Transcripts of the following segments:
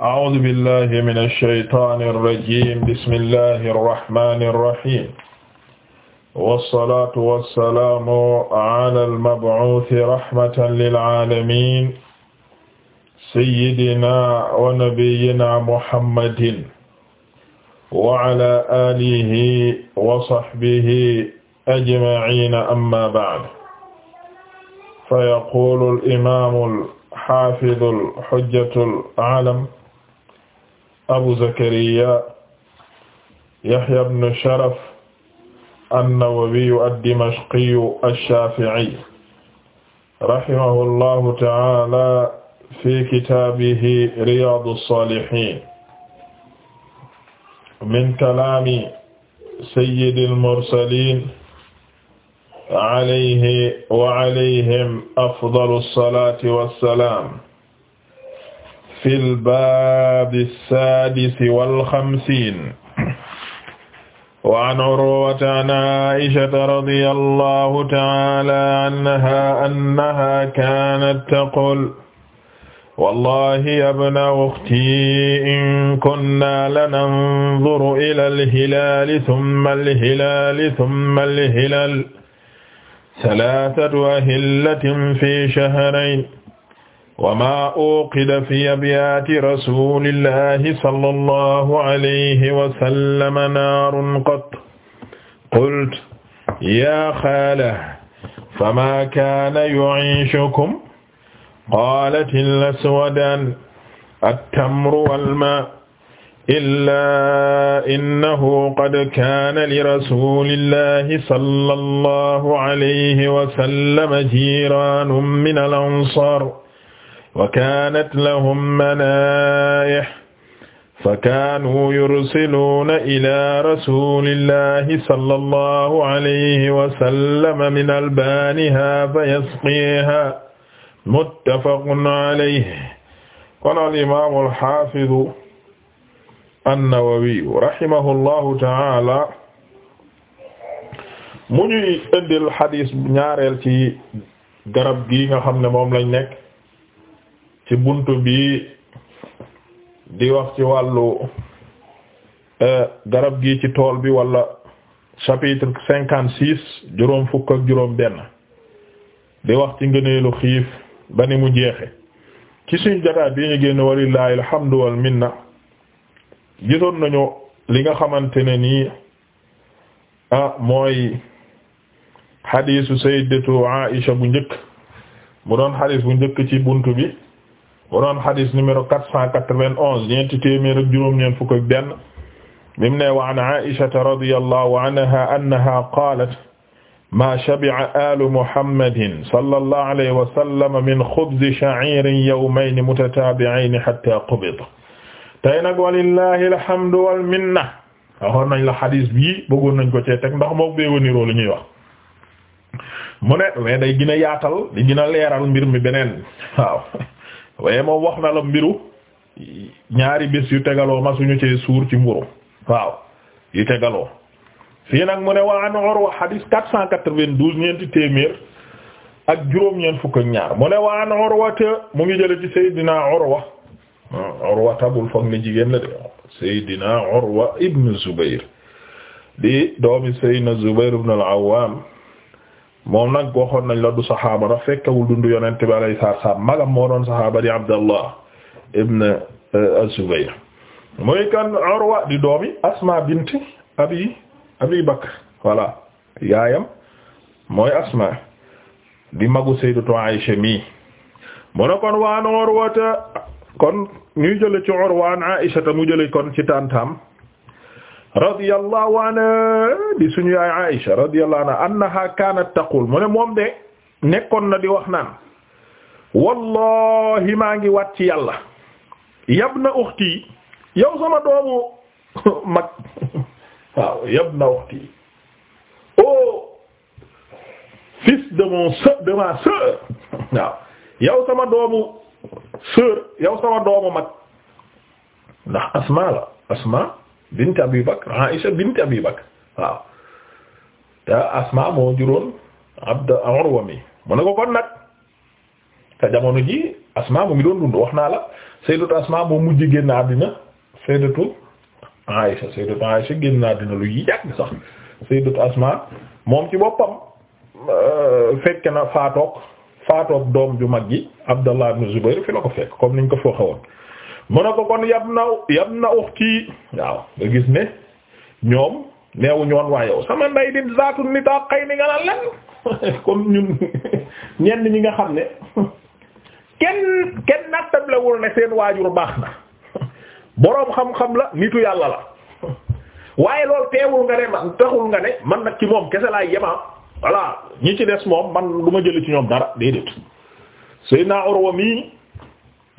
أعوذ بالله من الشيطان الرجيم بسم الله الرحمن الرحيم والصلاة والسلام على المبعوث رحمة للعالمين سيدنا ونبينا محمد وعلى آله وصحبه أجمعين أما بعد فيقول الإمام الحافظ الحجة العالم abu zakariya yahya ibn sharaf an-nawawiyu ad-dimashqiyu ash-shafi'i rahimahullahu ta'ala fi kitaabihi riyaadu saalihiin min kalaami sayyidil mursaliin alayhi wa alayhim afdalu salaati wa salaam fi lbaabi ssaadisi wal xamsiin wa an Urwata an Aysata radiyallahu ta'aala anhaa annahaa kaanat taqul wallaahi yabna ukhtii in kunnaa lananzuru ilal hilaali summa al-hilaali summa al-hilaal salaasatu ahillatin fii shahrayni wama uqida fi abyaati rasulillahi sallallahu alayhi wa sallam naarun qat qult yaa xaala fama kaana yu'iishukum qaalat al-aswadaan at-tamru wal-maa illaa innahu qad kaana li rasulillahi sallallahu alayhi wa sallam jiiraanun min al-ansaar wa kaanat lahum manaa'ih fa kaanuu yursiluuna ilaa rasuulillahi sallallahu alayhi wa sallam min albaanihaa fa yasqiihaa muttafaqun alayhi kon al imaamu alxaafidu annawawiyu rahimahullahu taala mu ñuy indil xadiis ñaareel ci garab gi nga xam ne moom lañ nekk. ci buntu bi di wax ci wàllu eh, garab gi ci tool bi walla chapitre cinquante six juróom fukk ak juróom benn di wax ci ngëneelu xiif ba ni mu jeexe ki suñ jataay bi ñu génn walillahi alhamdu wal gisoon nañu li nga xamante ne nii ah mooy xadiisu sayyidatu Aisha bu njëkk mu doon xadiis bu njëkk ci bunt bi bu doon xadis numéro quatre cent quatre-vingt-onze ñeenti téeméer ak juróom-ñeent fukk ak benn bi mu ne wa an Aïshata radiyallahu anha annaha qaalat maa shabi'a aalu muhammadin sallallahu alayhi wa sallam min xubzi sha'iirin yawmayni mutataabi'ayni hattaa qubida tey nag walillahi alhamdu wal minna waxoon nañ la xadis bii bëggoon nañ ko cee teg ndax moom bee wëniroo lu ñuy wax mu ne mais day gën a yaatal di gën a leeral mbir mi beneen waaw waaye moom wax na la mbiru ñaari bés yu tegaloo ma suñu cee suur ci mburu waaw yu tegaloo fii nag mu ne wa an Urwa hadis quatre cent quatre-vingt-douze ñeenti téeméer ak juróom-ñeent fukk ak mu ne wa an Urwa te mu ngi jële ci Seydina Urwa tabul foog ni jigéen la de Seydina Urwa ibn Zubayr di doomi Seydina Zubayr ibn al-Awwam moom nag waxoon nañ la du saxaaba da fekkewul dundu yonent bi alayhi salaam magam moo doon saxaaba di Abdallah ibn euh, az-Zubayr mooy kan Urwa di doomi Asma bint Abi Abi Bakr voilà yaayam mooy Asma di magu sayyidatu Aisha mi mu ne kon waan Urwata kon ñuy jële ci Urwa an Aisha ta mu jële kon ci tantam radiyallahu anha di suñu yaay Aïcha radiyallahu anha annaha kaanat taqul mu ne moom de nekkoon na di wax naan wallahi maa ngi wat ci yàlla yabna ukhti yow sama doomu mag waaw yabna ukhti oh fils de mon sœur de ma sœur waaw yow sama doomu sœur yow sama doomu mag ndax asma la asma bint Abi Bakr Aisha bint Abi waaw te Asma moo juróon Abd Urwa mi mu ko kon nag te jamono ji Asma mu ngi doon dund wax naa la sayyidatu Asma moo mujj génn àddina sayyidatu Aisha sayyidatu Aisha génn àddina lu yàgg sax sayyidatu Asma moom ci boppam euh, fekk na faatook faatook doom ju mag ji Abdallah ibn Zubayr fi la ko fekk comme niñ ko fooxewoon mu ne ko kon yab na yab na uxti waaw nga gis ne ñoom neewu ñoon waa yow sama nday di zaatu ni taa xëy ni nga la lan comme ñun ñenn ñi nga xam ne kenn kenn nattablewul ne seen waajur baax na boroom xam-xam la nitu yàlla la waaye loolu teewul nga ne man taxul nga ne man nag ci moom kese laa yemaa voilà ñi ci des moom man du ma jëli ci ñoom dara déedéet Seydina Urwa mi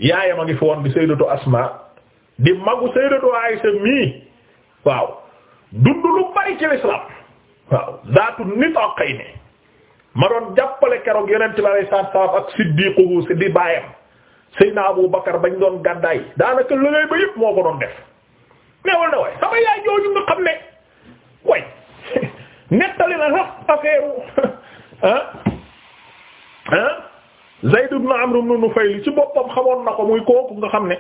yaayam a ngi fi woon di sayyidatu Asma di magu sayyidatu Aysa mii waaw dund lu bari ci lislaam waaw zaatu nitaqayni ma doon jàppale keroog yonent bi alayhi salaatu wa salaam ak siddiquhu si di baayam sayyidina Abu Bakar bañ doon gàddaay daanaka lëlëy ba yëpp moo ko doon def neewal na waay sama yaay jooju nga xam ne way nettali na sax affaire ah ah Zayd ibn Amr ibn Nufayl ci boppam xamoon na ko muy kooku nga xam ne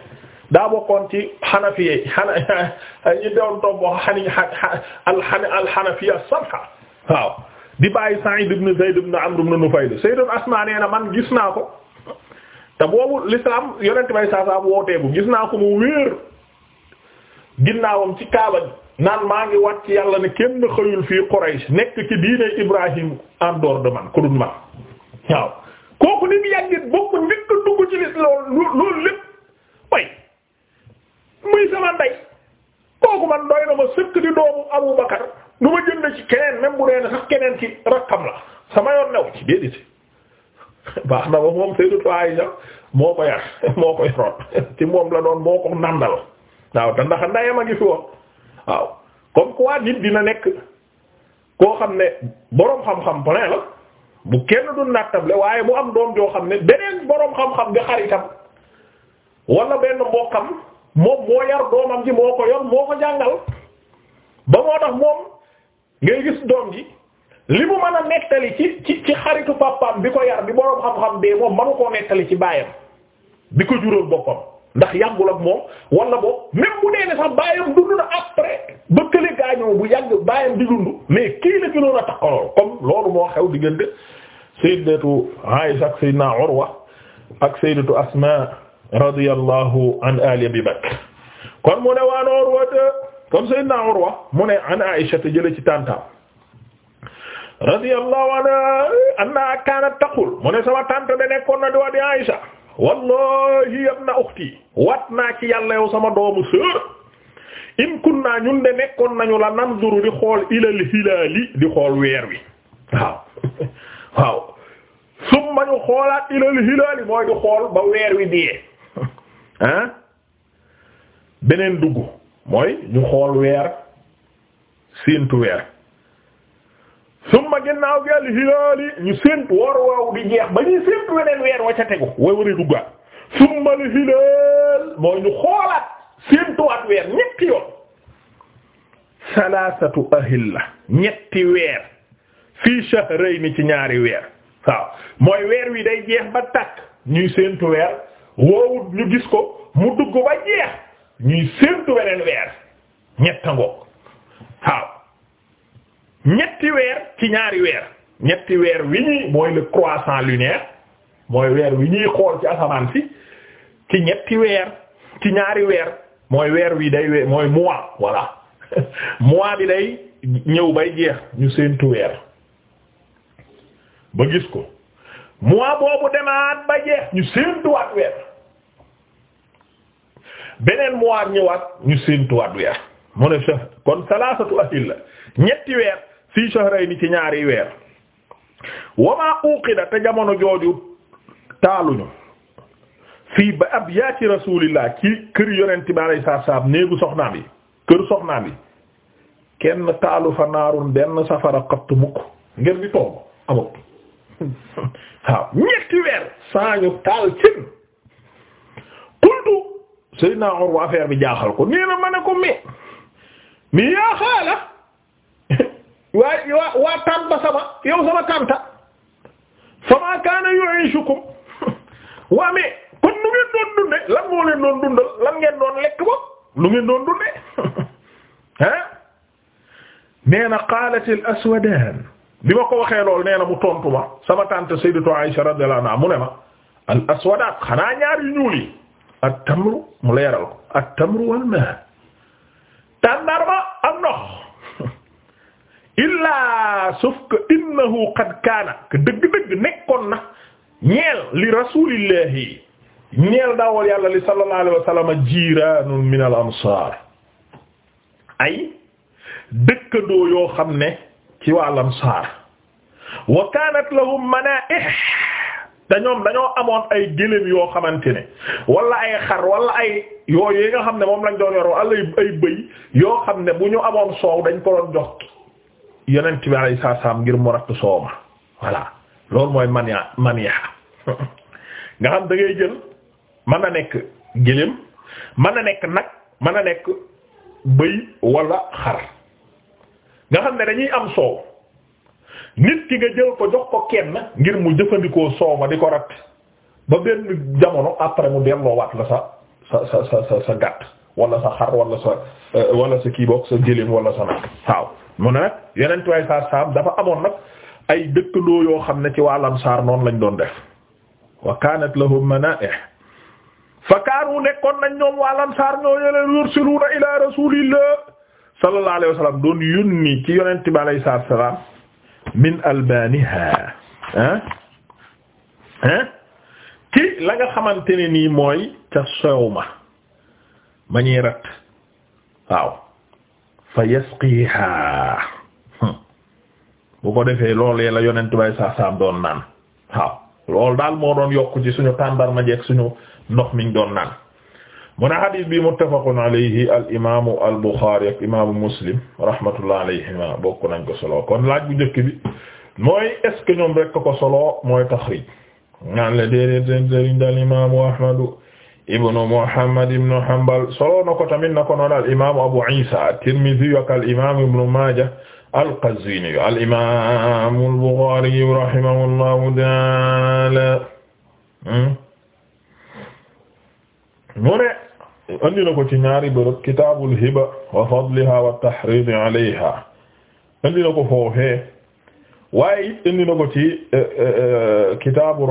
daa bokkoon ci xanafiye xana alxanafiya sabha waaw di bàyyi Sa'id ibn Zayd ibn Amr ibn Nufayl Sayyidun Asma nee na man gis naa ko te boobu l'islam yonent bay saa saa wooteegu gis naa ko mu wéer ginnaawam ci Kaaba naan maa ngi wat ci yàlla ne kenn xëyul fii Quraysh nekk ci diine Ibrahim en dehors man ku dul man waaw kooku ni mu yàggit bokk nit ko dugg ci lis loolu loolu lépp way muy sama ndey kooku man doy na ma sëkk di doomu Abu Bakar du ma jënd ci keneen même bu dee sax keneen ci rakkam la sama yoon new ci déedéet baax na ba moom Sayyidatu Aisha moo ci moom la doon moo ko nàndal waaw te ndax a ngi woon waaw comme quoi nit dina nekk koo xam ne boroom xam-xam plein la bu kenn du nattable waaye mu am doom joo xam ne beneen boroom xam-xam nga xaritam wala benn mbokkam moom moo yar doomam ji moo ko yor moo ko jàngal ba moo tax moom ngay gis doom ji li mu mën a nettali ci ci ci xaritu papaam bi ko yar bi boroom xam-xam bee moom manu koo nettali ci baayam bi ko jural boppam ndax yàggul ak moom wala boog même bu dee ne sax bàyyam dund na bu yàgg bàyyam di dund mais kii la gënoon a moo xew diggante sayyidatu Aisha ak sayyidina Urwa ak sayyidatu Asma radiyallahu an ali Abi Bakr kon mu ne waan Urwa kon sayyidina Urwa mu an Aisha te jële ci tàntaam radiyallahu anha anna kaanat taqul mu ne sama tante de nekkoon na di wax di wallahi yabna ukhti wat naa ci yàlla yow sama doomu sœur in kunna ñun de nekkoon nañu la nanzuru di xool ilal hilaali di xool weer wi waaw waaw summa ñu xoolaat ilal hilaali mooy di xool ba weer wi dee ah beneen dugg mooy ñu xool weer séentu weer summa ginnaaw gi al hilaali ñu séntu woor woowu di jeex ba ñuy séntu weneen weer wa ca tegu way war a summa al mooy ñu xoolaat séntuwaat weer ñetti weer fii shahrayni ci ñaari weer waaw mooy weer wi day jeex ba tàkk ñuy séntu weer woowu ñu gis ko mu dugg ba jeex ñuy séntu weneen weer ñetta ngoog waaw ñetti weer ci ñaari weer ñetti weer wi ñuy mooy le croissant lunaire mooy weer wi ñuy xool ci asamaan si ci ñetti weer ci ñaari weer mooy weer wi day weer mooy mois voilà mois bi day ñëw bay jeex ñu séentu weer ba gis ko mois boobu demaat ba jeex ñu séentuwaat weer beneen mois ñëwaat ñu séentuwaat weer mu ne kon salaasatu ahilla ñetti weer fii shahrayni ci ñaari weer wamaa uqida te jamono jooju taaluñu fii ba abyaati rasulillah ci kër yonente bi alayhi salaam néegu soxnaam yi kër soxnaam yi kenn taalu fa naarun benn safara xatt mukk ngir di toog amut waaw ñetti weer saa taal cin qultu Seydina Urwa affaire bi jaaxal ko nee ma ne ko mais mais yaa xaala waaye waa waa tànta sama yow sama tànta fama kaana yu'ishukum waa mais kon nu ngeen doon dunde lan moo leen doon dundal lan ngeen doon lekk ba nu ngeen doon dunde ah nee na qalat al aswadan bi ma ko waxee lool nee na mu tontu ma sama tànta sayyidatu Aisha radiyallahu anha mu ne ma al aswadat xanaa ñaar yu ñuul yi at tamru mu leeral ko at tamru wal ma illaa sauf que innahu qad kaana que dëgg-dëgg nekkoon na ñeel li rasulillahi ñeel daawal yàlla li sallallahu alayhi wa sallam min al ay dëkkandoo yoo xam ne ci waa al ansaar wa kaanat lahum manaa'ih te ñoom dañoo amoon ay gëléem yoo xamante ne wala ay xar wala ay yooyu yi nga xam ne moom lañ doon yor wala ay bëy yoo xam ne bu ñu amoon soow dañ ko doon jox yonent bi saa salaam ngir mu ratt soow ma voilà loolu mooy mania mania nga xam da jël mën a nekk gëléem man a nekk nag mën a nekk bëy wala xar nga xam ne dañuy am soow nit ki nga jël ko jox ko kenn ngir mu jëfandikoo soow ma di ko ratt ba benn jamono après mu delloowaat la sa sa sa sa sa gàtt wala sa xar wala sa euh, wala sa kii boog sa gëléem wala sa nag waaw mu ne nag yeneen tuwaay saa saam dafa amoon nag ay dëkkandoo yoo xam ne ci waa Ansaar noonu lañ doon def wa kaanat lahum manaa'i' fa nekkoon nañ ñoom waa Ansaar ñoo yeneen yursiluuna ilaa rasuulillah sallallahu alayhi doon yónni ci yonent bi alayhi salaatu wa salaam min albaaniha ah ah ci la nga xamante ne nii mooy ca soow ma ma ñuy rat waaw fa yasqiha hmm. bu ko defee lool yella yonent bay saa saam doon naan waaw loolu daal moo doon yokk ci suñu ma jeeg suñu ndox miñ doon naan mu ne hadis bi muttafaqun alayhi al imaamu al buxaari ak imaamu muslim rahmatullah alayhima bokk nañ ko solo kon laaj bu njëkk bi mooy est ce que ko solo mooy taxrij naan la déedéet seen sëriñ daal ahmadu ibnu Muhammad ibnu Hanbal solo na ko tamit na ko noon al imaamu Abu Isa at-Tirmidhi ak al imaamu ibnu Maaja al-Qazwini al imaamu al-Bukhari rahimahullahu ta'ala hmm? mu ne andi na ko ci ñaari bérab kitaabul hiba wa fadliha wa tahriid alayha andi na ko foofee waaye it andi na ko ci eh, eh, eh, kitaabu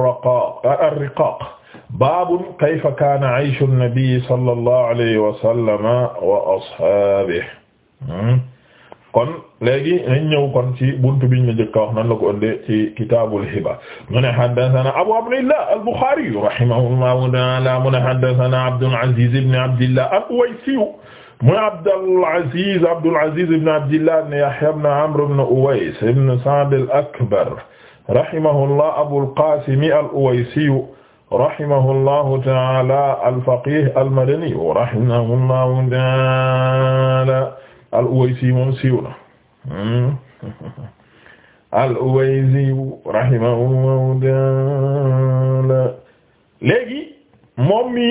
ar-riqaaq baabun kayfa kaana ayshu nabii sallallahu alayhi wa sallam wa ashaabihi hmm. kon léegi nañ ñëw kon ci buntu biñ la njëkk a wax nan la ko ëndee ci kitaabul hiba mu ne haddasanaa Abuu Abdillah al-Buxaari rahimahullahu ta'aala mu ne haddasanaa Abdul Aziz ibn Abdillah al-Uwaysi mu Abdul Aziz Abdul Aziz ibn Abdillah ibn Yahya ibn Amr ibn Uways ibn Sa'd al-Akbar rahimahullah Abul Qaasim al-Uwaysi rahimahullahu taala al-faqih al-madani rahimahullahu taala al-Uwaysi moom siiw na al-Uwaysi rahimahullahu taala léegi moom mi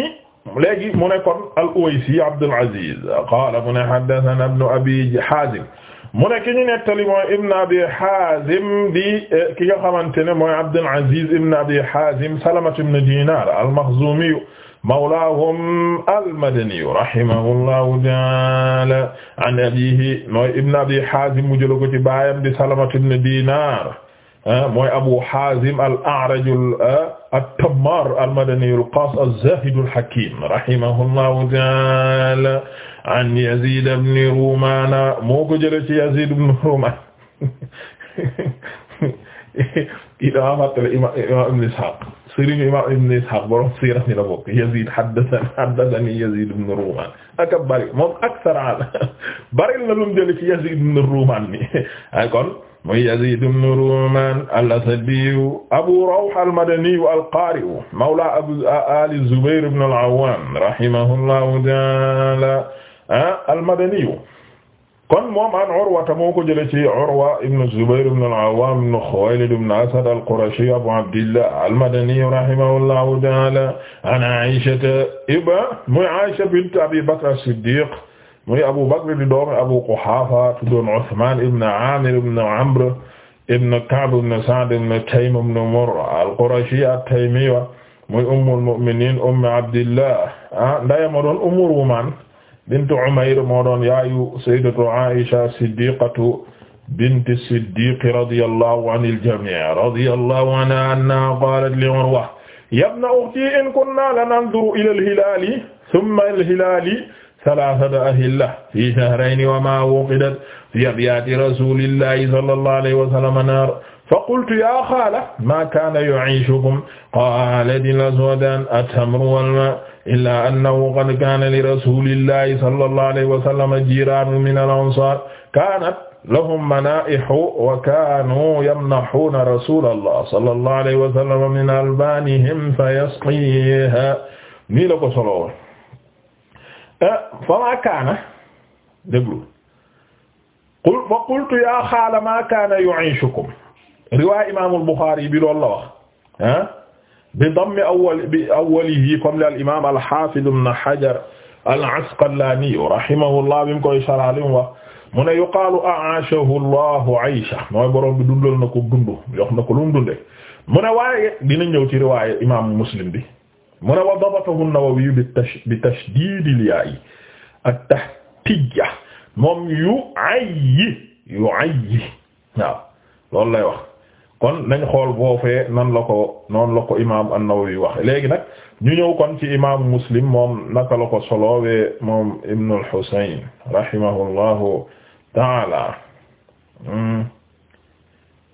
léegi mu ne kon al-Uwaysi Abdul Aziz qaala mu ne haddathana ibnu Abi Haazim mu ne ki ñu nettali mooy Ibn Abi Hazim di eh, ki nga xamante ne mooy Abdul Aziz Ibn Abi Hazim Salama ibn Dinar al-Makhzumi mawlaahum al-Madani rahimahullahu ta'ala an abiihi mooy Ibn Abi Hazim mu jël ko ci baayam di Salama ibn Dinar Ah, mooy Abu Hazim al-A'raj ah, at-Tammar al-Madani al-Qas az-Zahid al-Hakim rahimahullahu ta'ala an Yazid ibn Rumana moo ko jëlee ci Yazid ibn Rumana kii damaa fàttali Imam Ibn Ishaq sëriñ Imam Ibn Ishaq borom siira ni la bokk Yazid haddathani haddathani Yazid ibn Rumana ak bari moom ak saraan bari la lu mu jëlee ci Yazid ibn Rumana ni kon muy Yazid ibn Ruman al-Asadi Abu Rawh al-Madani al-Qari mawla Abu Ali Zubayr ibn al-Awwam rahimahullahu ta'ala al-Madani kon moom an Urwa moo ko jëlee ci Urwa ibn Zubayr ibn al-Awwam ibn Khuwaylid ibn Asad al-Qurashi Abu Abdillah al-Madani rahimahullahu ta'ala an Aisha ibn muy Aisha bint Abi Bakr as-Siddiq muy Abu Bakr di doomi Abu Quhafa tuddoon Usman ibn Amir ibn Amr ibn Ka'b ibn Sa'd ibn Taym ibn Murra al-Qurashi at-Taymiwa muy ummul mu'minin ummu Abdillah ah ndeyam moo doon Ummu Rumaan bintu Umayr moo doon yaayu sayyidatu Aisha siddiqatu binti Siddiq radiyallahu anil jamii' radiyallahu anha annaha qaalat li Urwa ya ibna ukhti in kunna lananzuru ila al-hilaali thumma al-hilaali salaasata ahilla fi shahrayni wa maa wuqidat fi abyaati rasuulillahi sallallahu alayhi wa sallam naar faqultu yaa xaala maa kaana yu'iishukum qaalat al-aswadaan at-tamru wal-maa' illaa annahu qad kaana li rasuulillahi sallallahu alayhi wa sallam jiiraanun min al-ansaar kaanat lahum manaa'ihu wa kaanuu yamnahuuna rasuulallahi sallallahu alayhi wa sallam min albaanihim fayasqiihaa nii la ko solo Eh, fa maa kaana déglu qul fa qultu yaa xaala maa kaana yu'ishukum riwaay imaamul Buxaari bi loolu la wax ah bi dammi awwal bi awwalihi comme al imaam al haafiz ibn Hajar al Asqalaani rahimahullah bi mu koy sarax li mu wax mu ne yuqaalu a'aashahu Allahu 'aysha mooy borom bi dundal na ko dund jox na ko lu mu dundee mu ne waaye dina ñëw ci riwaay imaamu Muslim bi. mu ne wa dabatahu an-Nawawi bi tash bi tashdid al-ya'i at-tahtiyya moom yu ayyi yu ayyi waaw loolu lay wax kon nañ xool boofee nan la ko noonu la ko imaam an-Nawawi wax léegi nag ñu ñëw kon ci imaamu Muslim moom naka la ko solowee moom Ibn al-Husayn rahimahullahu ta'ala hmm.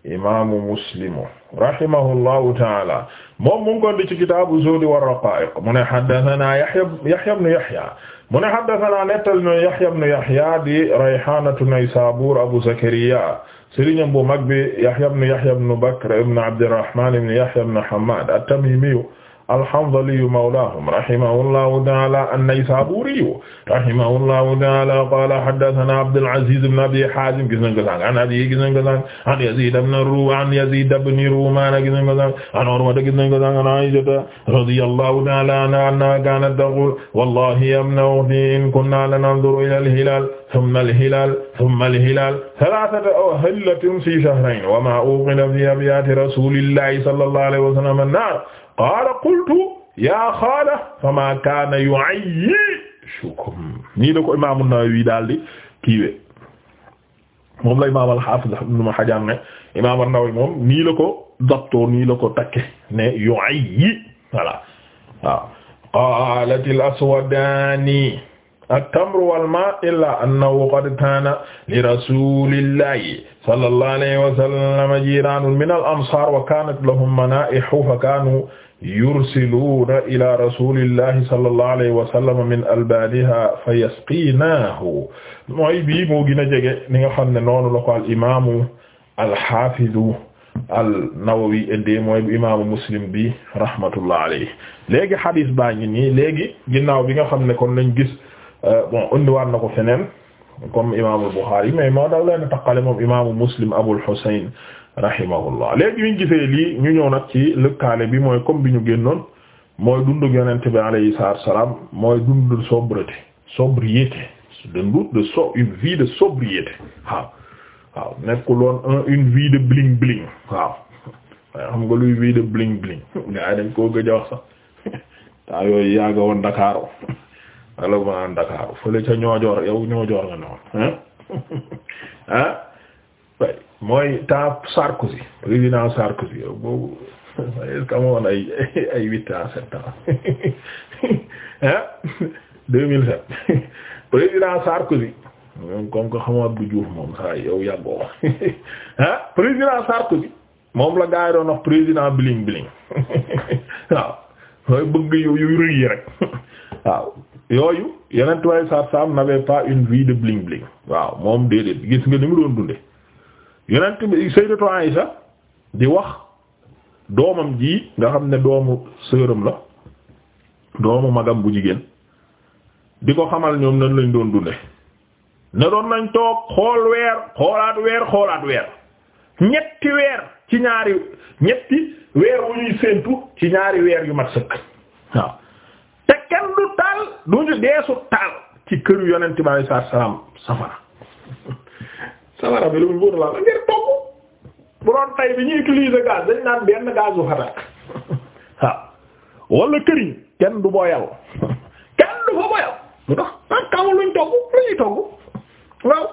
imaamu muslimu rahimahullahu taala moom mu ngi ko di ci kitaabu zuhdi wa raqaa'iq mu ne haddasanaa Yahya Yahya ibnu Yahya mu ne haddasanaa nettal no Yahya ibnu Yahya di Rayhaanatu Naysaabuur Abu Zakariya sëriñam bu mag bi Yahya ibnu Yahya ibnu Bakr ibnu Abdirrahmaan ibnu Yahya ibnu Hammaad at-Tamiimiyu alhamdaliyu mawlaahum rahimahullahu ta'aala an-Naysaabuuriyu rahimahullahu ta'aala qaala haddathanaa Abdul Aziz ibn Abi Haazim gis nañ ko sànq an Abi gis nañ ko sànq an Yaziid ibn Ruumaan an Yaziid ibn Ruumaan gis nañ ko sànq an Urwa gis nañ ko sànq an Aysata radiyallahu ta'aala anhaa annahaa kaanat taquulu wallaahi ya ibna ukhtii in kunnaa lananzuru ilal hilaal thumma al-hilal thumma al-hilal thalathata hillatin fi shahrayn wa ma uqida fi abyati rasulillahi sallallahu alayhi wa sallam an-nar qala qultu ya khala fama kana yu'ayyishukum nii la ko imam an-Nawawi daal di kiiwe moom la imam al-hafiz ibn Hajar ne imam an-Nawawi moom nii la ko daptoo nii la ko takke ne yu'ayyi voilà waaw qalat al-aswadani at-tamru wal maa illaa annahu qad kaana li rasuulillahi sallallahu alayhi wa sallam jiiraanun min al-ansaar wa kaanat lahum manaa'ihu fa kaanuu yursiluuna ilaa rasuulillahi sallallahu alayhi wa sallam min albaanihaa fa yasqiinaahu mooy bii moo gën a jege ni nga xam ne noonu la ko al imaamu al-haafidu an-Nawawi indee mooy bu imaamu Muslim bi rahmatullah alayhi léegi hadiis baa ngi nii léegi ginnaaw bi nga xam ne kon lañ gis. Euh, bon indiwaat na ko feneen comme imaamul Bukhari mais moo daw leen taqale moom imaamu Muslim Abul Husayn rahimahullah léegi ñu gisee ñu ñëw nag ci lëkkaale bi mooy comme bi ñu génnoon mooy dundu yonent bi alayhi salaatu salaam mooy dundu sobriété sobriété dundu de so une vie de sobriété waaw waaw nekkul woon un une vie de bling bling waaw luy vie de bling nga dañ koo gëj a wax sax taa yooyu yàgg woon wala bu naan Dakar fële ca ñoojoor yow ñoojoor nga noonu ah way mooy temps Sarkozy président Sarkozy yow boobu est-ce que amoon ay ay huit ans sept deux mille sept président Sarkozy moom comme que xamoo Abdou Diouf moom saa yow yàggoo ah président Sarkozy moom la gaa doon wax président bling bling waaw mooy bëgg yow yu rek waaw yooyu yeneen tubaab saar saam n'avait pas une vie de bling waaw moom déedéet gis nga ni mu doon dunde yeneen tubaab Sayyidatu Aïsha di wax doomam ji nga xam ne doomu sëram la doomu magam bu jigéen di ko xamal ñoom nan lañ doon dunde ne doon nañ toog xool weer xoolaat weer xoolaat weer ñetti weer ci ñaari ñetti weer wu ñuy séentu ci ñaari weer yu mat sëkk waaw te kenn du taal du ñu deesu taal ci këru yonent bi alayhi salaam safara safara bi lu mu buur la la ngir togg bu doon tay bi ñu utiliser gaz dañ naan benn gazu xatak waaw wala këriñ kenn du boyal kenn du fa boyal mu tax ak ah, luñ togg lu togg waaw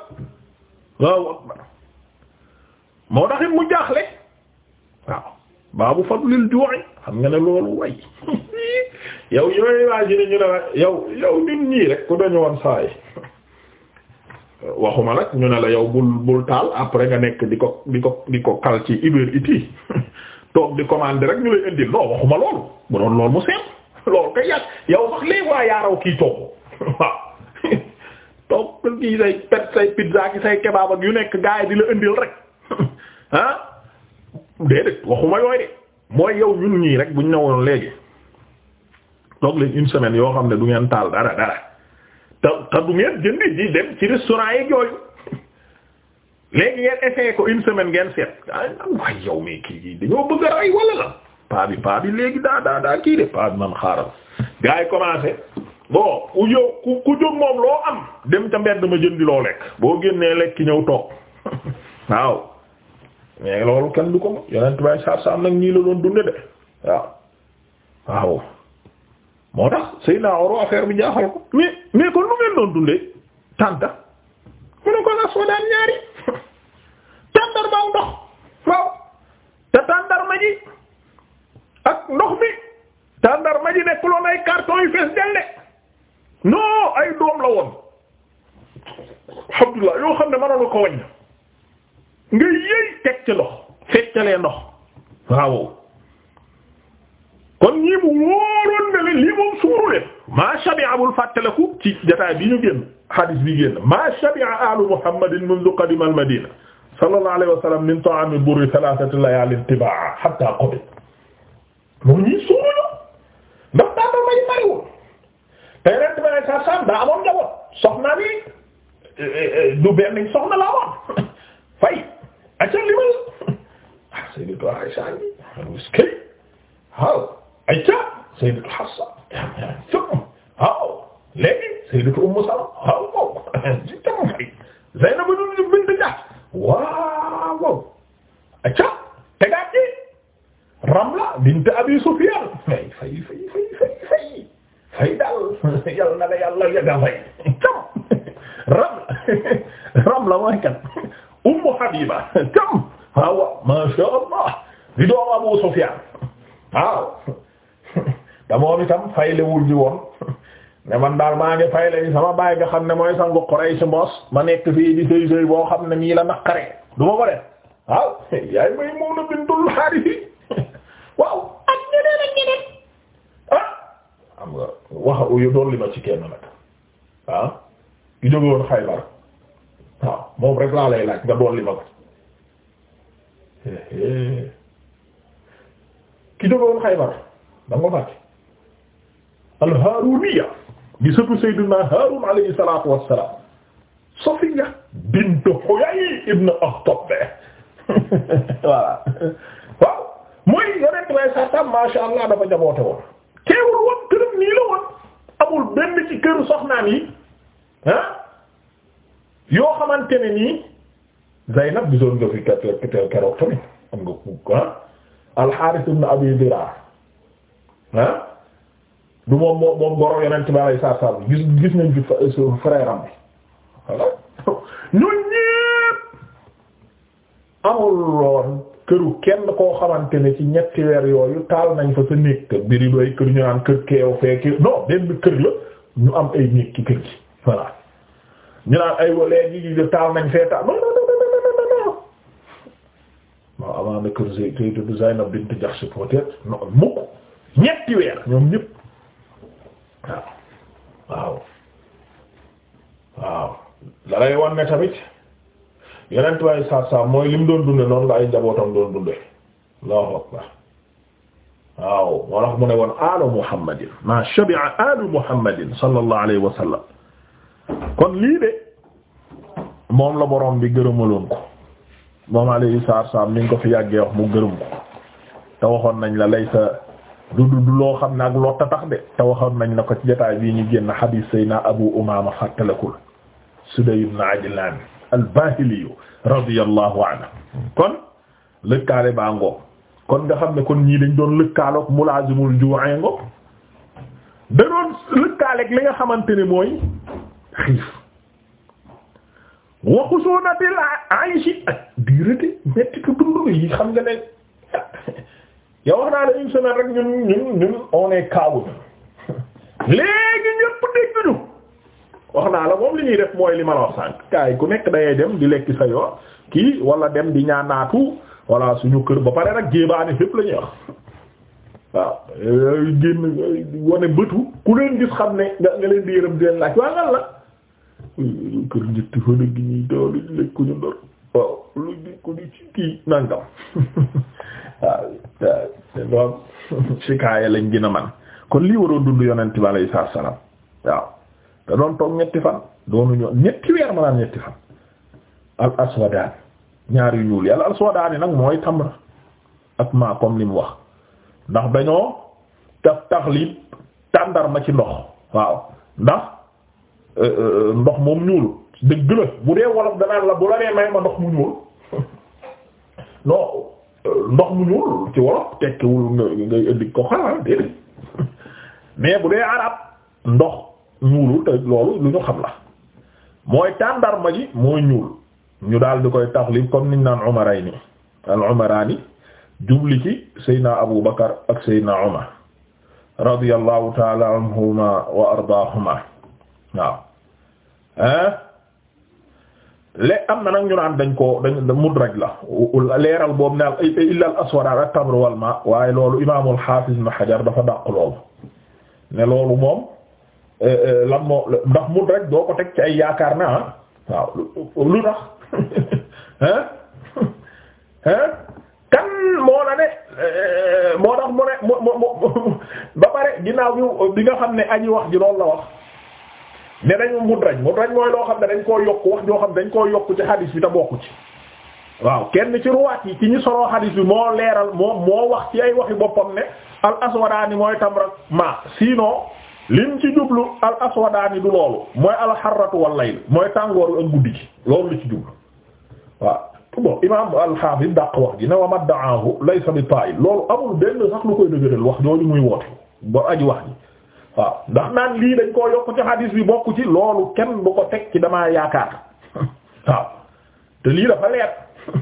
waaw moo taxit mu jaaxle waaw baabu fadlil ju'i xam nga ne loolu way yow yooyu imagine ñu ne la yow yow ñun ñii rek ku dañu woon saay waxuma nag ñu ne la yow bul bul taal après nga nekk di ko di ko di ko kal ci Uber Eats toog di commander rek ñu lay indil non waxuma loolu bu doon loolu mu seet loolu kay yàgg yow sax léegi waa yaaraw kii togg waaw toog kii say pet say pizza say kebab yu nekk gaay di la indil rek ah déedéet waxuma yooyu de mooy yow ñun ñii rek buñ newoon léegi toog leen une semaine yoo xam ne du ngeen taal dara dara te te du ngeen jëndi di dem ci restaurant yeeg yooyu léegi ngeen essayé ko une semaine ngeen seet ah waaye yow mi kii gi dañoo bëgg a rey wala la paa bi paa bi léegi daa daa daa kii de paa bi man xaaral gars yi commencé ku yow moom loo am dem ca mbedd ma jëndi loo lekk boo génnee lekk ñëw toog waaw mais loolu kenn du ko yeneen tubaab yi saa am nag ñii la doon dunde de waaw. moo tax sëy naa oro affaire bi jaaxal ko mais mais kon lu ngeen doon dundee tànta mu ne ko nas wa daan ñaari tàndar baaw ndox waaw te tàndar ma ji ak ndox mi tàndar ma ji nekkuloon ay carton yu fees delle non ay doom la woon alhamdulillah yoo xam ne mënoon ko wañ nga yëy teg ci ndox fekk ndox waaw kon ñii mu wóoroon ne leen lii moom suuru leen maa shabi'a bul fàttaliku ci jotaay bi ñu génn hadis bi génn maa shabi'a alu muhammadin mundu qadima al madina sallallahu alayhi wa sallam min ta'ami burri thalathati layalin tibaa hatta qubid moom suuru la ndax daa doon may bariwul tey ren tamit ay saa saa daa amoon njaboot soxna bi eh, eh, eh, du benn soxna laa woon fay acca limal ah Sayyidatu Aisha ay ca sayyidatu Hafsa waaw léegi sayyidatu Ummu Salama waaw faylewul ji woon ne man daal maa ngi fayle yi sama baay nga xam ne mooy sangu Quraysh mos ma nekk fii di sëy sëy boo ne mii la naqare du ma ko def waaw yaay Maymuna bintul Haaris waaw ak ñeneen ak ñeneen ah, li ma ci kenn nag ah yu jógoon Xaybar waaw moom rek laa lay laaj li ma ko eh, eh. ki jógoon Xaybar da nga ko al-Haaruniya di sëtu Seydina Haarun alayhi salaatu wassalaam Safiya bint Huyay ibn Akhtab voilà waaw mooy yonent way saatam masha Allah dafa jaboote woon teewul woon këram nii la woon amul benn ci këru soxnaam yi ah yoo xamante ne nii Zaynab gisoon nga fi kat keroog am nga ku ah al Abi Dirar ah. du moom moom moom goro yonent bi alayhi salaatu salaam gis gis nañ fi euh, frère am bi voilà ñun ñépp amul loon këru kenn koo xamante ne ci ñetti weer yooyu taal nañ fa sa néeg kër biri doy kër ñu kër la ñu am ay néeg ci kër gi voilà ñu naan ay walee gi de taal nañ fee taal non non non non waaw amaana kër Seydou Seydou Zaynab bint Jahsh peut-être non mukk ñetti weer ñoom ñépp waaw waaw la lay wan tamit yeneen tubaab saab saab mooy lim doon dunde noonu la ay njabootam doon dunde Allahu akbar waaw moo tax mu ne woon alu muhammadin ma shabi'a alu muhammadin sallallahu alayhi wa kon lii de la boroom bi gërëmaloon ko moom alayhi salaatu wa salaam ko fi yàggee wax mu gërëm ko te waxoon nañ la laysa du du loo xam ne ak lotta tax de te waxoon nañ na ko ci jotaay bii ñu génn xadiis sayna Abu Umaama fàttalakul Sudayy ibn Ajlaan al-Baahili radiyallahu anhu kon lëkkaale baa ngoog kon nga xam ne kon ñii dañ doon lëkkaalook mulaazimul juu'ee ngoog da doon lëkkaaleeg li nga xamante ne mooy xiif wa xusuunatil ayshi ak diirati metti tu dund yi xam nga ne yow wax naa la une rek ñun ñun ñun on est léegi ñëpp dégg ñu wax naa la moom li ñuy def mooy li ma wax sànq kaay ku nekk dangay dem di lekki sa yoo kii wala dem di ñaanaatu wala suñu kër ba pare rek jéebaane fépp la ñuy waaw génn wane bëtu ku leen gis xam ne nga leen di yërëm di lekk ñu ndor waaw lu di ko di ci kii nangam waaw doon sikaaya lañ gën a man kon lii waroon dund yonent bi alayhi salaam waaw te doon toog ñetti fan doonu ñoo ñetti weer ma naan ñetti fan al aswadaani ñaar yu ñuul yi aswadaani nag mooy tamr ak maa comme li wax ndax dañoo taf taxlib tàndarma ci ndox waaw ndax euh, euh, ndox moom ñuul dëgg la bu dee wolof danaan la bu la nee may ma ndox mu ñuul non ndox mu ñuul ci wolof tekkiwul ngay indi ko xanaa mais bu dee arab ndox ñuulul te loolu lu ñu xam la mooy tàndarma mooy ñuul ñu daal di koy taxlif comme niñ naan umarayni al umaraani jubli ci seydna abu bakar ak seydna umar radiyallahu taala anhuma wa ardaahuma waaw le am na nag ñu naan dañ ko dañ mudraj la leeral boobu ne illa al aswad ak tamr wal ma waaye loolu imaamul xaafis na xajar dafa dàq loolu ne loolu moom eh, eh, lan moo ndax mudraj doo ko teg ci ay yaakaar na ah, lu tax hein hein kan moo la ne eh, moo tax mu ne mu mu ba pare ginnaaw bi nga xam ne aji wax ji loolu la wax ne dañu mudraj mudraj mooy loo xam ne dañ koo yokk wax joo xam dañ koo yokk ci xadis bi te bokku ci waaw kenn ci ruwaat yi ci ñu soroo xadis bi moo leeral moo moo wax ci ay waxi boppam ne al aswadaani mooy tamrak ma sinon lim ci jublu al aswadaani du loolu mooy al xarratu mooy tàngoor ak guddi gi loolu la ci jublu waaw bon imam al-Hafiz dàq wax gi ne wa maddaahu laysa bi ta'il loolu amul benn sax lu koy dëgëral wax jooju muy woote ba aj wax waaw ndax naan lii dañ koo yokk ci hadis bi bokku ci loolu kenn bu ko teg ci damaa yaakaar waaw te lii dafa leer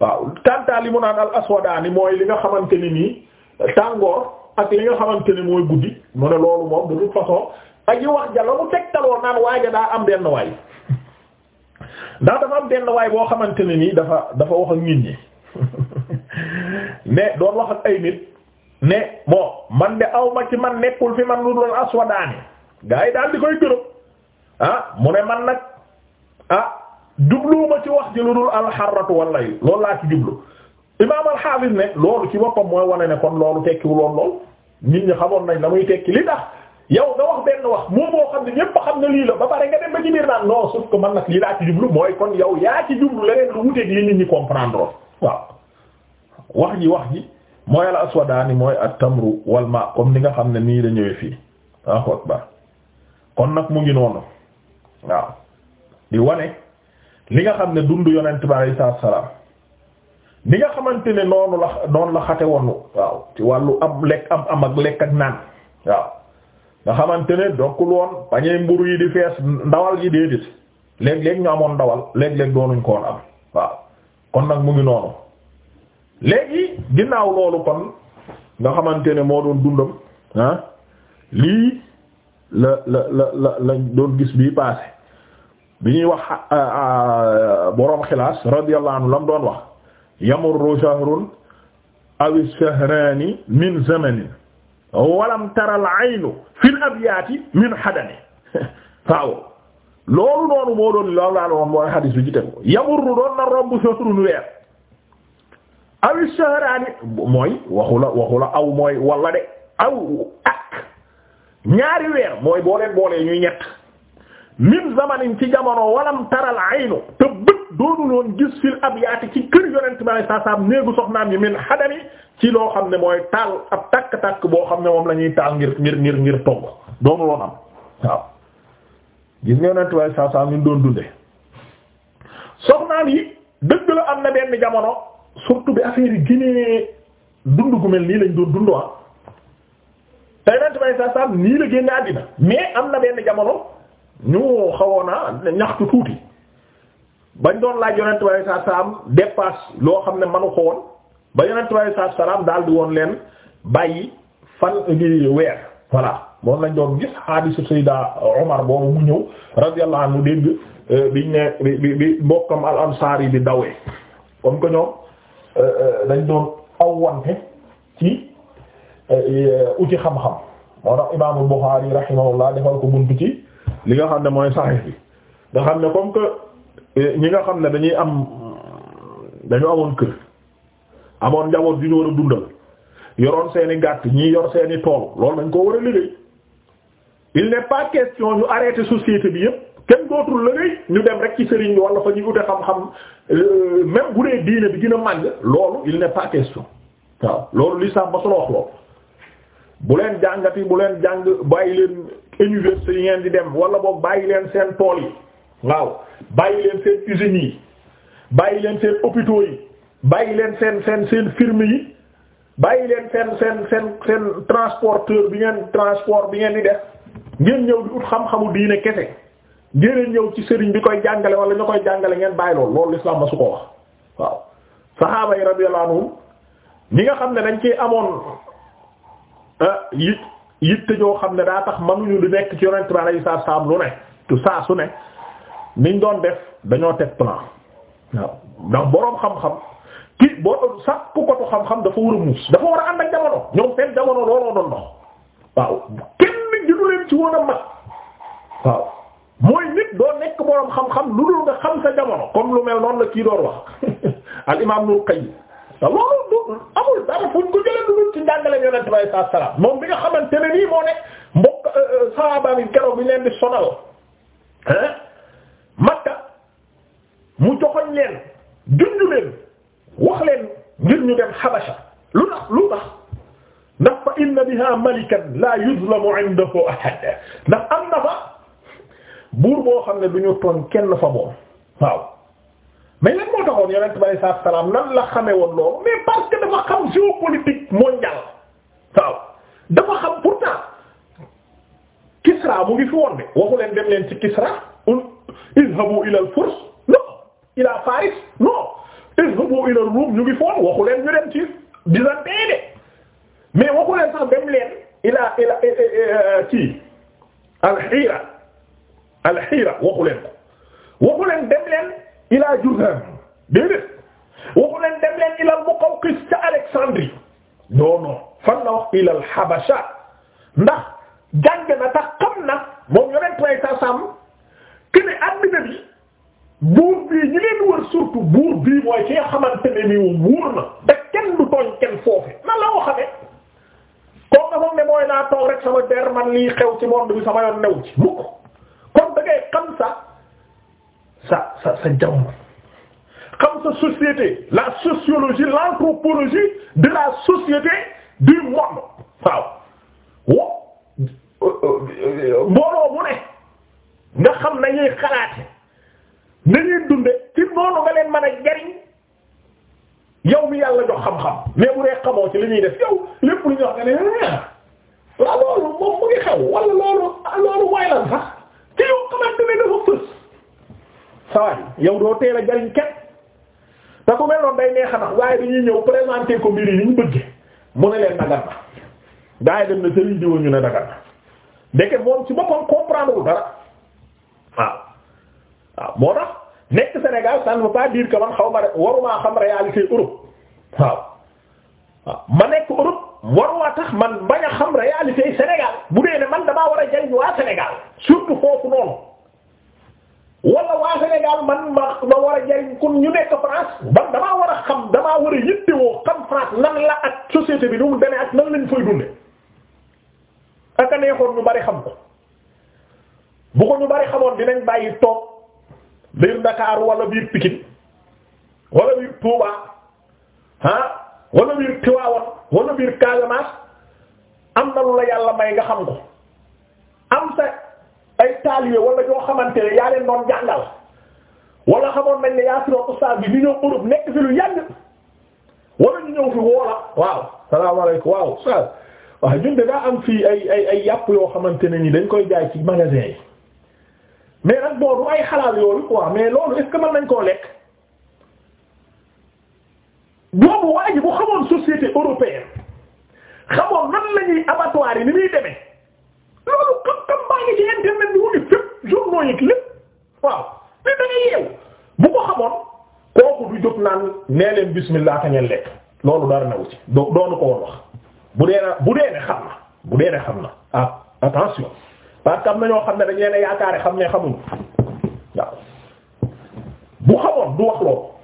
waaw kantaa li mu naan al aswadaani mooy li nga xamante ni nii tàngoor ak li nga xamante ni mooy guddi mu ne loolu moom de toute façon ak yi wax jàll mu tegtaloo naan waaja daa am benn waay ndax dafa am benn boo xamante ne nii dafa dafa wax ak nit ñi mais doon wax ak ay nit ne bon man de aw ma ci man nekkul fi man lu doon aswadaani gaa yi daal di koy gërëm ah mu ne man nag ah jubluwuma ci wax ji lu dul alxarratu walla yi loolu laa ci jublu imaam alxaafis ne loolu ci boppam mooy wane ne kon loolu tekkiwu lool lool nit ñi xamoon nañ la muy tekki li tax yow nga wax benn wax moo boo xam ne ñépp xam ne lii la ba pare nga dem ba ci biir naan non sauf man nag lii laa ci jublu mooy kon yow yaa ci jublu leneen lu wuteeg li nit ñi comprendre waaw wax ji wax ji mooy al aswadaani mooy at-tamru wal ma comme ni nga xam ne nii la ñëwee fii kon nag mu ngi noonu waaw di wane li nga xam ne dund yonent bi alayhi salaatu ni nga xamante ne noonu la xate woon waaw ci wàllu am lekk am am ak lekk ak naan waaw nga xamante ne dokkul woon bañee mburu yi di fees ndawal yi déedéet léeg-léeg ñu amoon ndawal léeg-léeg doonuñ ko woon am waaw kon nag mu ngi noonu léegi ginnaaw loolu kon nga xamante ne moo doon dundam ah, lii la la la la la doon gis bii passé bi ñuy wax ah, ah, borom xilaas radiyallahu anhu lam doon wax yamurru shahrun aw shahraani min zamanin walam tara al aynu fil abyaati min hadani waaw loolu noonu moo doon loolu laa doon mooy xadiis bi ci tegu yamurru doon na romb shahrun weer awi shahraani mooy waxu la waxu la aw mooy wala de aw ak ñaari weer mooy boo leen boolee ñuy ñett min zamanin ci jamono walam taral aynu te bët doonul woon gis fil abyaati ci kër yonent bi saa néegu soxnaam yi min xadami ci loo xam ne mooy taal ab takk-takk boo xam ne moom lañuy ñuy taal ngir ngir ngir ngir togg doonul woon am waaw gis nga yonent bi saa saa doon dunde soxnaam yi dëgg la am na benn jamono. surtout bi affaire yi génnee dund gu mel nii lañ doon dund ah tey nag tamit saa saa nii la génne àddina mais am na benn jamono ñu xawoon na ñaxtu tuuti bañ doon laaj yonent bi saa saa am dépasse loo xam ne manu ko woon ba yonent bi saa salaam daal di woon leen bàyyi fan weer voilà moom lañ doon gis hadisu Sayyida Umar boobu mu ñëw radiyallahu anhu dégg euh, biñ ne bi bi mbokkam al ansaari bi dawee comme que ñoom. Euh, euh, dañ doon awwante ci euh, uti xam-xam moo tax imaamul Buxaari rahimahullah defal ko buntu ci li nga xam ne mooy saxiix bi nga xam ne comme que ñi nga xam ne dañuy am dañu amoon kër amoon njaboot yu ñu war a dundal yoroon seeni gàtt ñii yor seeni tool loolu dañ ko war a liggéey il n'est pas question ñu arrêter société bi yépp kenn dootul lëgëy ñu dem rek ci sëriñ bi wala fa ñu wute xam-xam euh, même bu diine bi gën a màgg loolu il ne pas waaw loolu li sax ba solo wax loolu bu leen jàngati bu leen jàng bàyyi leen université yi ngeen di dem wala boog bàyyi leen seen tool yi waaw bàyyi leen seen usine yi bàyyi leen seen hôpitaux yi bàyyi leen seen seen seen firme yi bàyyi leen seen seen seen seen transporteur bi ngeen transport bi ngeen di def ngeen ñëw di ut xam-xamu diine kese. ngeen ñëw ci sëriñ bi koy jàngale wala ñu koy jàngale ngeen bàyyi lool loolu lislaam ma su ko wax waaw saxaaba yi radiyallahu anhum ñi nga xam ne dañ ci amoon ah, yit yitte joo xam ne daa tax mënuñu di nekk ci yonent bi alayhi lu ne tu saa su ne niñ doon def dañoo teg plan waaw ndax boroom xam-xam ki boo sàpp kotu xam-xam dafa war a muus dafa war a ànd ak jamono ñoom seen jamono looloo doon dox waaw kenn jëlu ci woon mag waaw mooy nit doo nekk boroom xam-xam lu dul nga xam sa jamono comme lu mel noonu la kii door wax al imaam Ibnul lu dul ci njàngale Yonent bi sallallahu alayhi nga xamante ne nii moo ne mbokk euh, euh, sahaaba yi leen di sonal hein Makka mu joxoñ leen junju leen wax leen ngir ñu dem Habasha lu tax lu tax ndax fa inna biha malikan la yuzlamu indahu ahad am na buur boo xam ne du ñu tooñ kenn fa moom waaw mais lan moo taxoon yonent bi alayhi salaatu nan la xame woon loolu mais parce que dafa xam géopolitique mondiale waaw dafa xam pourtant Kisra mu ngi fi woon de waxu leen dem leen ci Kisra un izhabu ila al-Furs non ila Faris non izhabu ila al-Rum ñu ngi fi woon waxu ñu dem ci Byzantin de mais waxu leen sax dem leen ila ila ci eh, eh, eh, al alxiira waxu leen ko waxu leen dem leen ilaa Jurham déedéet waxu leen dem leen ilaa ca Alexandrie non non fan la wax ilaa al ndax jàng na tax xam na moom yonent lay sa sàmm que ne àddina bi buur bii ñi leen wër surtout buur bii mooy ci xamante ne nii wóor na te kenn du tooñ kenn foofu nan la ko xamee kooku nga foog ne mooy naa toog sama der lii xew ci monde bi sama yoon new ci mukk xam da ngay xam sa sa sa sa jaww xam sa société la sociologie l'anthropologie de la société du monde waaw mbooloo mu ne nga xam nañuy xalaate nañuy dunde ci noonu nga leen mën a jariñ yow mi yàlla jox xam-xam mais ne dee xamoo ci li def yow lépp lu ñu wax nga la ah, loolu moom mu ngi xew wala loolu loolu mooy lan sax te yoo xamante ne dafa fës saa yow doo teel a jariñ kenn te ku mel noonu day neex a nax waaye dañuy ñëw présenter ko mbir yi ni ñu bëggee mu ne leen dagar na gaa dem na sëriñ diwa ñu ne dagar na ndeke moom ci boppam comprendre lu dara waaw waaw moo tax nekk Sénégal ça ne veut pas dire xaw ma rek waruma xam réalité Europe waaw waaw ma nekk Europe. war waa tax man bañ a xam réalité Sénégal bu dee ne man damaa war a jariñ waa Sénégal surtout foofu noonu wala waa Sénégal man ma ma war a jariñ kon ñu nekk France man damaa war a xam damaa war a yittewoo xam France nan la ak société bi nu mu demee ak nan lañ fay dunde ak neexoon ñu bari xam ko bu ko ñu bari xamoon dinañ bàyyi toog biir Dakar wala biir Pikine wala biir Touba ah wala biir Tivaouane wala biir Casamance am na lu la yàlla may nga xam ko am sa ay taalibe wala ñoo xamante ne yaa leen doon jàngal wala xamoon nañ ne yaa si ustaas bi ñu ñëw Europe nekk fi lu yàgg wala ñu ñëw fi woola waaw salaamaaleykum waaw ustaas waaw ñun daa am fii ay ay ay yàpp yoo xamante ne ni dañ koy jaay ci magasin yi mais nag boobu ay xalaat yooyu quoi mais loolu est-ce nañ koo lekk. boobu waa ji bu xamoon société européenne xamoon nan la ñuy yi ni muy demee loolu xam-xam baa ngi ci internet bi mu ngi fépp journaux yi waaw li da yeew bu ko xamoon kooku du jóg naan nee leen bismillah ka ngeen lekk loolu dara na doo doonu ko woon wax bu dee na bu dee ne xam na bu dee ne xam na ah, attention parce am na ñoo xam ne dañ leen a yaakaar xam ne xamuñu waaw bu xamoon du wax loolu.